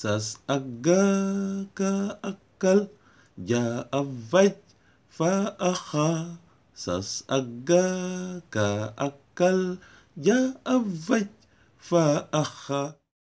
ساس أجا كا أكل جا جاء فا أخا ساس أجا كا أكل جا جاء فا أخا